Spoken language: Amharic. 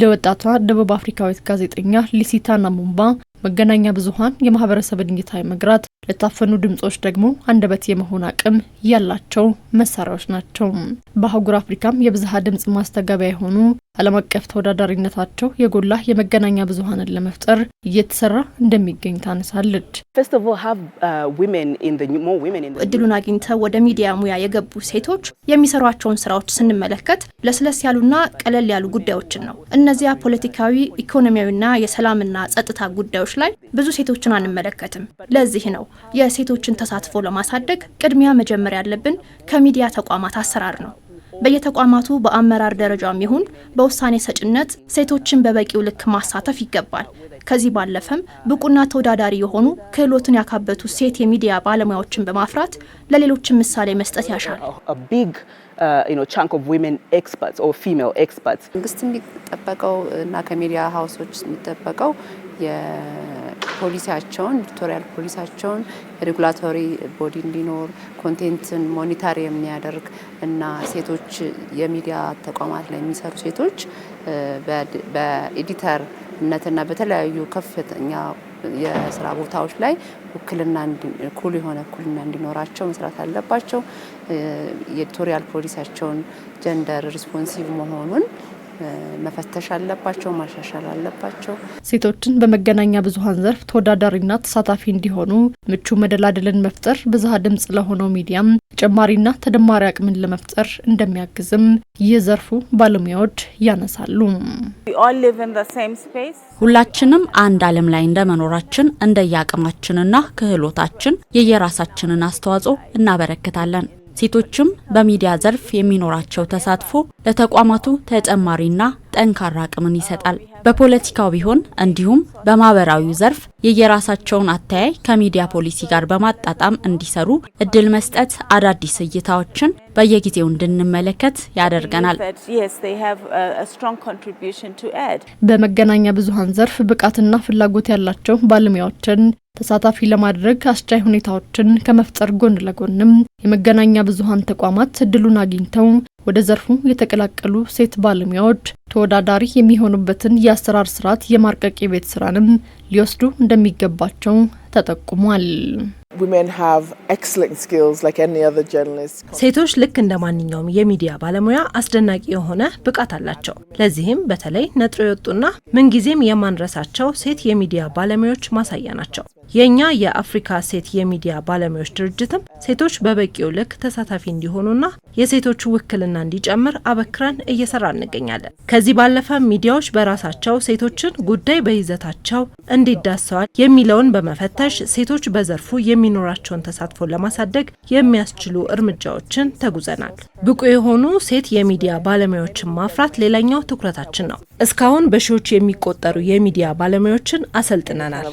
ለወጣቷ ደቡብ አፍሪካዊት ጋዜጠኛ ሊሲታና ናሙምባ መገናኛ ብዙሀን የማህበረሰብን እይታ መግራት፣ ለታፈኑ ድምጾች ደግሞ አንደበት የመሆን አቅም ያላቸው መሳሪያዎች ናቸው። በአህጉር አፍሪካም የብዝሃ ድምፅ ማስተጋቢያ የሆኑ ዓለም አቀፍ ተወዳዳሪነታቸው የጎላ የመገናኛ ብዙሀንን ለመፍጠር እየተሰራ እንደሚገኝ ታነሳለች። uh, እድሉን አግኝተው ወደ ሚዲያ ሙያ የገቡ ሴቶች የሚሰሯቸውን ስራዎች ስንመለከት ለስለስ ያሉና ቀለል ያሉ ጉዳዮችን ነው። እነዚያ ፖለቲካዊ፣ ኢኮኖሚያዊና የሰላምና ጸጥታ ጉዳዮች ላይ ብዙ ሴቶችን አንመለከትም። ለዚህ ነው የሴቶችን ተሳትፎ ለማሳደግ ቅድሚያ መጀመር ያለብን ከሚዲያ ተቋማት አሰራር ነው። በየተቋማቱ በአመራር ደረጃም ይሁን በውሳኔ ሰጭነት ሴቶችን በበቂው ልክ ማሳተፍ ይገባል። ከዚህ ባለፈም ብቁና ተወዳዳሪ የሆኑ ክህሎትን ያካበቱ ሴት የሚዲያ ባለሙያዎችን በማፍራት ለሌሎችም ምሳሌ መስጠት ያሻል። uh, መንግስት የሚጠበቀው እና ከሚዲያ ሀውሶች የሚጠበቀው ፖሊሲያቸውን ኤዲቶሪያል ፖሊሲያቸውን ሬጉላቶሪ ቦዲ እንዲኖር ኮንቴንትን ሞኒተር የሚያደርግ እና ሴቶች የሚዲያ ተቋማት ላይ የሚሰሩ ሴቶች በኤዲተርነትና በተለያዩ ከፍተኛ የስራ ቦታዎች ላይ ውክልና እኩል የሆነ እኩልና እንዲኖራቸው መስራት አለባቸው። የኤዲቶሪያል ፖሊሲያቸውን ጀንደር ሪስፖንሲቭ መሆኑን መፈተሽ አለባቸው፣ ማሻሻል አለባቸው። ሴቶችን በመገናኛ ብዙኃን ዘርፍ ተወዳዳሪና ተሳታፊ እንዲሆኑ ምቹ መደላደልን መፍጠር ብዝሃ ድምጽ ለሆነው ሚዲያም ተጨማሪና ተደማሪ አቅምን ለመፍጠር እንደሚያግዝም የዘርፉ ባለሙያዎች ያነሳሉ። ሁላችንም አንድ ዓለም ላይ እንደመኖራችን እንደየአቅማችንና ክህሎታችን የየራሳችንን አስተዋጽኦ እናበረክታለን። ሴቶችም በሚዲያ ዘርፍ የሚኖራቸው ተሳትፎ ለተቋማቱ ተጨማሪና ጠንካራ አቅምን ይሰጣል። በፖለቲካው ቢሆን እንዲሁም በማህበራዊው ዘርፍ የየራሳቸውን አተያይ ከሚዲያ ፖሊሲ ጋር በማጣጣም እንዲሰሩ እድል መስጠት አዳዲስ እይታዎችን በየጊዜው እንድንመለከት ያደርገናል። በመገናኛ ብዙሃን ዘርፍ ብቃትና ፍላጎት ያላቸው ባለሙያዎችን ተሳታፊ ለማድረግ አስቻይ ሁኔታዎችን ከመፍጠር ጎን ለጎንም የመገናኛ ብዙሃን ተቋማት እድሉን አግኝተው ወደ ዘርፉ የተቀላቀሉ ሴት ባለሙያዎች ተወዳዳሪ የሚሆኑበትን የአሰራር ስርዓት የማርቀቅ የቤት ስራንም ሊወስዱ እንደሚገባቸው ተጠቁሟል። ሴቶች ልክ እንደ ማንኛውም የሚዲያ ባለሙያ አስደናቂ የሆነ ብቃት አላቸው። ለዚህም በተለይ ነጥሮ የወጡና ምንጊዜም የማንረሳቸው ሴት የሚዲያ ባለሙያዎች ማሳያ ናቸው። የእኛ የአፍሪካ ሴት የሚዲያ ባለሙያዎች ድርጅትም ሴቶች በበቂው ልክ ተሳታፊ እንዲሆኑና የሴቶቹ ውክልና እንዲጨምር አበክረን እየሰራ እንገኛለን። ከዚህ ባለፈ ሚዲያዎች በራሳቸው ሴቶችን ጉዳይ በይዘታቸው እንዲዳሰዋል የሚለውን በመፈተሽ ሴቶች በዘርፉ የሚኖራቸውን ተሳትፎ ለማሳደግ የሚያስችሉ እርምጃዎችን ተጉዘናል። ብቁ የሆኑ ሴት የሚዲያ ባለሙያዎችን ማፍራት ሌላኛው ትኩረታችን ነው። እስካሁን በሺዎች የሚቆጠሩ የሚዲያ ባለሙያዎችን አሰልጥነናል።